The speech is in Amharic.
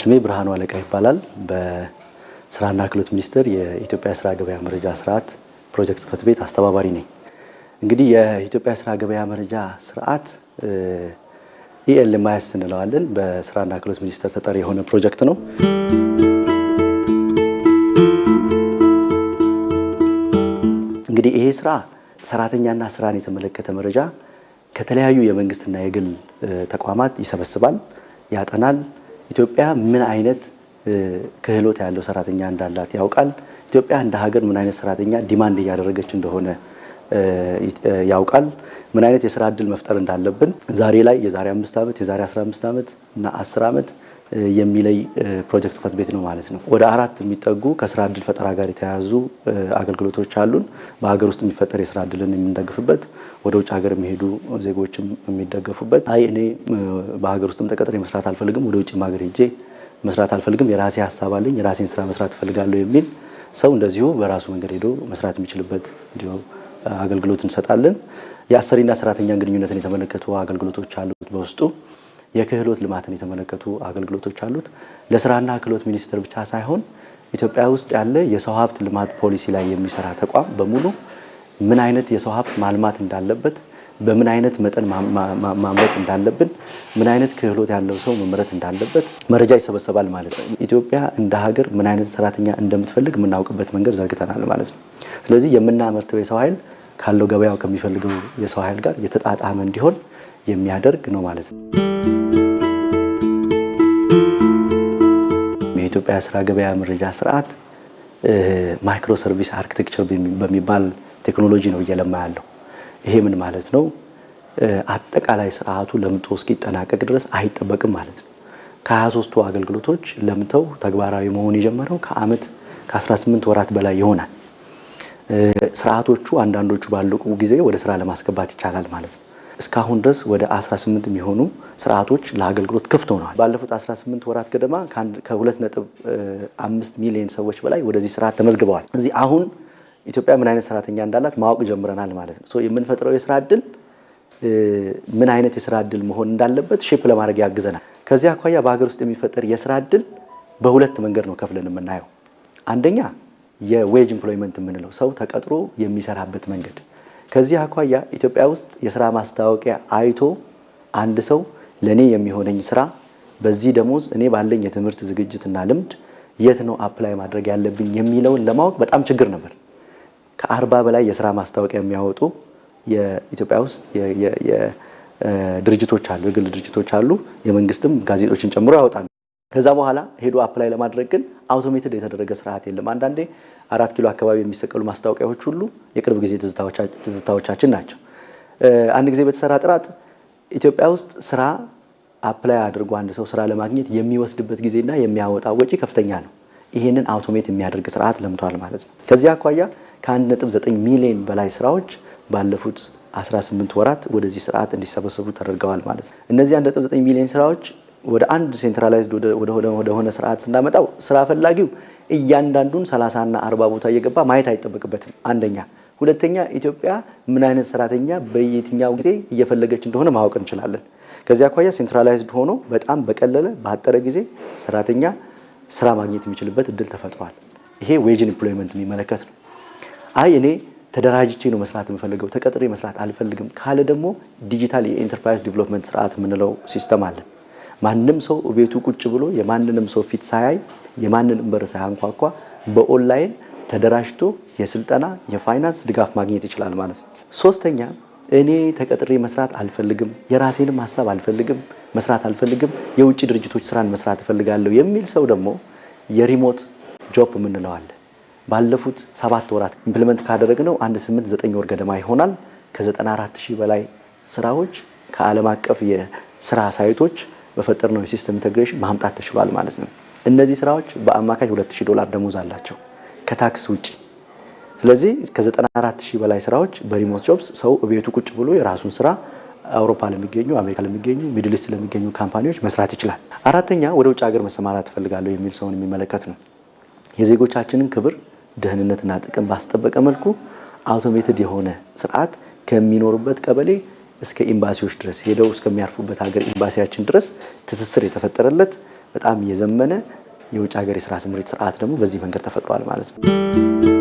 ስሜ ብርሃኑ አለቃ ይባላል። በስራና ክህሎት ሚኒስቴር የኢትዮጵያ ስራ ገበያ መረጃ ስርዓት ፕሮጀክት ጽህፈት ቤት አስተባባሪ ነኝ። እንግዲህ የኢትዮጵያ ስራ ገበያ መረጃ ስርዓት ኢኤልኤምአይኤስ እንለዋለን። በስራና ክህሎት ሚኒስቴር ተጠሪ የሆነ ፕሮጀክት ነው። እንግዲህ ይሄ ስራ ሰራተኛና ስራን የተመለከተ መረጃ ከተለያዩ የመንግስትና የግል ተቋማት ይሰበስባል፣ ያጠናል ኢትዮጵያ ምን አይነት ክህሎት ያለው ሰራተኛ እንዳላት ያውቃል። ኢትዮጵያ እንደ ሀገር ምን አይነት ሰራተኛ ዲማንድ እያደረገች እንደሆነ ያውቃል። ምን አይነት የስራ እድል መፍጠር እንዳለብን ዛሬ ላይ የዛሬ አምስት ዓመት የዛሬ 15 ዓመት እና 10 ዓመት የሚለይ ፕሮጀክት ጽፈት ቤት ነው ማለት ነው። ወደ አራት የሚጠጉ ከስራ እድል ፈጠራ ጋር የተያያዙ አገልግሎቶች አሉን። በሀገር ውስጥ የሚፈጠር የስራ እድልን የምንደግፍበት፣ ወደ ውጭ ሀገር የሚሄዱ ዜጎችም የሚደገፉበት። አይ እኔ በሀገር ውስጥም ተቀጥሬ መስራት አልፈልግም፣ ወደ ውጭም ሀገር ሄጄ መስራት አልፈልግም፣ የራሴ ሀሳብ አለኝ፣ የራሴን ስራ መስራት እፈልጋለሁ የሚል ሰው እንደዚሁ በራሱ መንገድ ሄዶ መስራት የሚችልበት እንዲሁ አገልግሎት እንሰጣለን። የአሰሪና ሰራተኛ ግንኙነትን የተመለከቱ አገልግሎቶች አሉት በውስጡ የክህሎት ልማትን የተመለከቱ አገልግሎቶች አሉት። ለስራና ክህሎት ሚኒስቴር ብቻ ሳይሆን ኢትዮጵያ ውስጥ ያለ የሰው ሀብት ልማት ፖሊሲ ላይ የሚሰራ ተቋም በሙሉ ምን አይነት የሰው ሀብት ማልማት እንዳለበት፣ በምን አይነት መጠን ማምረት እንዳለብን፣ ምን አይነት ክህሎት ያለው ሰው መምረት እንዳለበት መረጃ ይሰበሰባል ማለት ነው። ኢትዮጵያ እንደ ሀገር ምን አይነት ሰራተኛ እንደምትፈልግ የምናውቅበት መንገድ ዘርግተናል ማለት ነው። ስለዚህ የምናመርተው የሰው ኃይል ካለው ገበያው ከሚፈልገው የሰው ኃይል ጋር የተጣጣመ እንዲሆን የሚያደርግ ነው ማለት ነው። የኢትዮጵያ ስራ ገበያ መረጃ ስርዓት ማይክሮ ሰርቪስ አርክቴክቸር በሚባል ቴክኖሎጂ ነው እየለማ ያለው። ይሄ ምን ማለት ነው? አጠቃላይ ስርዓቱ ለምጦ እስኪጠናቀቅ ድረስ አይጠበቅም ማለት ነው። 23 አገልግሎቶች ለምተው ተግባራዊ መሆን የጀመረው ከአመት ከ18 ወራት በላይ ይሆናል። ስርዓቶቹ አንዳንዶቹ ባለቁ ጊዜ ወደ ስራ ለማስገባት ይቻላል ማለት ነው። እስካሁን ድረስ ወደ 18 የሚሆኑ ስርዓቶች ለአገልግሎት ክፍት ሆነዋል። ባለፉት 18 ወራት ገደማ ከ2.5 ሚሊዮን ሰዎች በላይ ወደዚህ ስርዓት ተመዝግበዋል። እዚህ አሁን ኢትዮጵያ ምን አይነት ሰራተኛ እንዳላት ማወቅ ጀምረናል ማለት ነው። የምንፈጥረው የስራ እድል ምን አይነት የስራ እድል መሆን እንዳለበት ሼፕ ለማድረግ ያግዘናል። ከዚህ አኳያ በሀገር ውስጥ የሚፈጠር የስራ እድል በሁለት መንገድ ነው ከፍለን የምናየው። አንደኛ የዌጅ ኢምፕሎይመንት የምንለው ሰው ተቀጥሮ የሚሰራበት መንገድ ከዚህ አኳያ ኢትዮጵያ ውስጥ የስራ ማስታወቂያ አይቶ አንድ ሰው ለእኔ የሚሆነኝ ስራ በዚህ ደሞዝ እኔ ባለኝ የትምህርት ዝግጅትና ልምድ የት ነው አፕላይ ማድረግ ያለብኝ የሚለውን ለማወቅ በጣም ችግር ነበር። ከአርባ በላይ የስራ ማስታወቂያ የሚያወጡ የኢትዮጵያ ውስጥ ድርጅቶች አሉ፣ የግል ድርጅቶች አሉ፣ የመንግስትም ጋዜጦችን ጨምሮ ያወጣሉ። ከዛ በኋላ ሄዶ አፕላይ ለማድረግ ግን አውቶሜትድ የተደረገ ስርዓት የለም። አንዳንዴ አራት ኪሎ አካባቢ የሚሰቀሉ ማስታወቂያዎች ሁሉ የቅርብ ጊዜ ትዝታዎቻችን ናቸው። አንድ ጊዜ በተሰራ ጥራት ኢትዮጵያ ውስጥ ስራ አፕላይ አድርጎ አንድ ሰው ስራ ለማግኘት የሚወስድበት ጊዜና የሚያወጣ ወጪ ከፍተኛ ነው። ይህንን አውቶሜት የሚያደርግ ስርዓት ለምቷል ማለት ነው። ከዚህ አኳያ ከ1.9 ሚሊዮን በላይ ስራዎች ባለፉት 18 ወራት ወደዚህ ስርዓት እንዲሰበሰቡ ተደርገዋል ማለት ነው። እነዚህ 1.9 ሚሊዮን ስራዎች ወደ አንድ ሴንትራላይዝድ ሆነ ስርዓት ስናመጣው ስራ ፈላጊው እያንዳንዱን ሰላሳና አርባ ቦታ እየገባ ማየት አይጠበቅበትም። አንደኛ። ሁለተኛ ኢትዮጵያ ምን አይነት ሰራተኛ በየትኛው ጊዜ እየፈለገች እንደሆነ ማወቅ እንችላለን። ከዚህ አኳያ ሴንትራላይዝድ ሆኖ በጣም በቀለለ በአጠረ ጊዜ ሰራተኛ ስራ ማግኘት የሚችልበት እድል ተፈጥሯል። ይሄ ዌጅን ኢምፕሎይመንት የሚመለከት ነው። አይ እኔ ተደራጅቼ ነው መስራት የምፈልገው ተቀጥሬ መስራት አልፈልግም ካለ ደግሞ ዲጂታል የኢንተርፕራይዝ ዲቨሎፕመንት ስርዓት የምንለው ሲስተም አለን። ማንም ሰው ቤቱ ቁጭ ብሎ የማንንም ሰው ፊት ሳያይ የማንንም በር ሳያንኳኳ በኦንላይን ተደራጅቶ የስልጠና የፋይናንስ ድጋፍ ማግኘት ይችላል ማለት ነው። ሶስተኛ እኔ ተቀጥሬ መስራት አልፈልግም፣ የራሴንም ሀሳብ አልፈልግም፣ መስራት አልፈልግም፣ የውጭ ድርጅቶች ስራን መስራት እፈልጋለሁ የሚል ሰው ደግሞ የሪሞት ጆብ የምንለው አለ። ባለፉት ሰባት ወራት ኢምፕሊመንት ካደረግነው አንድ ስምንት ዘጠኝ ወር ገደማ ይሆናል ከ94 ሺህ በላይ ስራዎች ከዓለም አቀፍ የስራ ሳይቶች ነው የሲስተም ኢንቴግሬሽን ማምጣት ተችሏል ማለት ነው። እነዚህ ስራዎች በአማካኝ 2000 ዶላር ደሞዝ አላቸው ከታክስ ውጪ። ስለዚህ ከ 94000 በላይ ስራዎች በሪሞት ጆብስ ሰው ቤቱ ቁጭ ብሎ የራሱን ስራ አውሮፓ ለሚገኙ አሜሪካ ለሚገኙ ሚድልስት ለሚገኙ ካምፓኒዎች መስራት ይችላል። አራተኛ ወደ ውጭ ሀገር መሰማራት እፈልጋለሁ የሚል ሰውን የሚመለከት ነው። የዜጎቻችንን ክብር ደህንነትና ጥቅም ባስጠበቀ መልኩ አውቶሜትድ የሆነ ስርዓት ከሚኖሩበት ቀበሌ እስከ ኤምባሲዎች ድረስ ሄደው እስከሚያርፉበት ሀገር ኤምባሲያችን ድረስ ትስስር የተፈጠረለት በጣም የዘመነ የውጭ ሀገር የስራ ስምሪት ስርዓት ደግሞ በዚህ መንገድ ተፈጥሯል ማለት ነው።